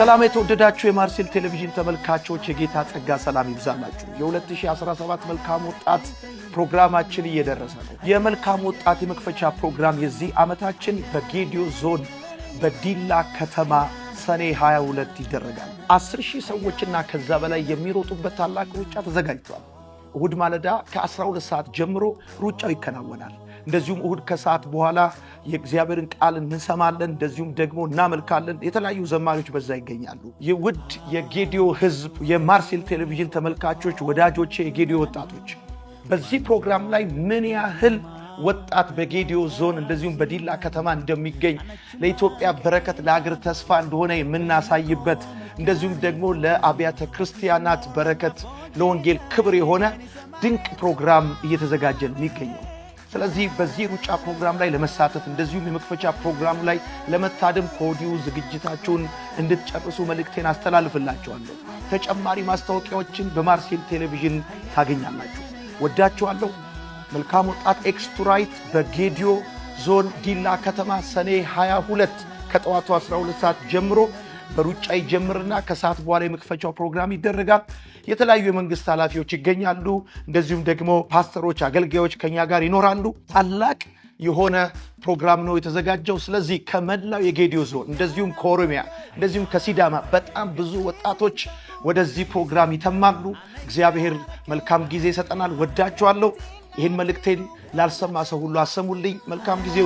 ሰላም የተወደዳችሁ የማርሴል ቴሌቪዥን ተመልካቾች የጌታ ጸጋ ሰላም ይብዛላችሁ። የ2017 መልካም ወጣት ፕሮግራማችን እየደረሰ ነው። የመልካም ወጣት የመክፈቻ ፕሮግራም የዚህ ዓመታችን በጌዲዮ ዞን በዲላ ከተማ ሰኔ 22 ይደረጋል። 10 ሺህ ሰዎችና ከዛ በላይ የሚሮጡበት ታላቅ ሩጫ ተዘጋጅቷል። እሁድ ማለዳ ከ12 ሰዓት ጀምሮ ሩጫው ይከናወናል። እንደዚሁም እሁድ ከሰዓት በኋላ የእግዚአብሔርን ቃል እንሰማለን። እንደዚሁም ደግሞ እናመልካለን። የተለያዩ ዘማሪዎች በዛ ይገኛሉ። የውድ የጌዲዮ ሕዝብ የማርሴል ቴሌቪዥን ተመልካቾች፣ ወዳጆቼ፣ የጌዲዮ ወጣቶች በዚህ ፕሮግራም ላይ ምን ያህል ወጣት በጌዲዮ ዞን እንደዚሁም በዲላ ከተማ እንደሚገኝ ለኢትዮጵያ በረከት ለሀገር ተስፋ እንደሆነ የምናሳይበት እንደዚሁም ደግሞ ለአብያተ ክርስቲያናት በረከት ለወንጌል ክብር የሆነ ድንቅ ፕሮግራም እየተዘጋጀ ነው የሚገኘው። ስለዚህ በዚህ ሩጫ ፕሮግራም ላይ ለመሳተፍ እንደዚሁም የመክፈቻ ፕሮግራም ላይ ለመታደም ከወዲሁ ዝግጅታችሁን እንድትጨርሱ መልእክቴን አስተላልፍላቸዋለሁ ተጨማሪ ማስታወቂያዎችን በማርሴል ቴሌቪዥን ታገኛላችሁ። ወዳችኋለሁ። መልካም ወጣት ኤክስቱራይት በጌዲዮ ዞን ዲላ ከተማ ሰኔ 22 ከጠዋቱ 12 ሰዓት ጀምሮ በሩጫ ይጀምርና ከሰዓት በኋላ የመክፈቻው ፕሮግራም ይደረጋል። የተለያዩ የመንግስት ኃላፊዎች ይገኛሉ። እንደዚሁም ደግሞ ፓስተሮች፣ አገልጋዮች ከኛ ጋር ይኖራሉ። ታላቅ የሆነ ፕሮግራም ነው የተዘጋጀው። ስለዚህ ከመላው የጌዲዮ ዞን እንደዚሁም ከኦሮሚያ እንደዚሁም ከሲዳማ በጣም ብዙ ወጣቶች ወደዚህ ፕሮግራም ይተማሉ። እግዚአብሔር መልካም ጊዜ ይሰጠናል። ወዳችኋለሁ። ይህን መልእክቴን ላልሰማ ሰው ሁሉ አሰሙልኝ። መልካም ጊዜ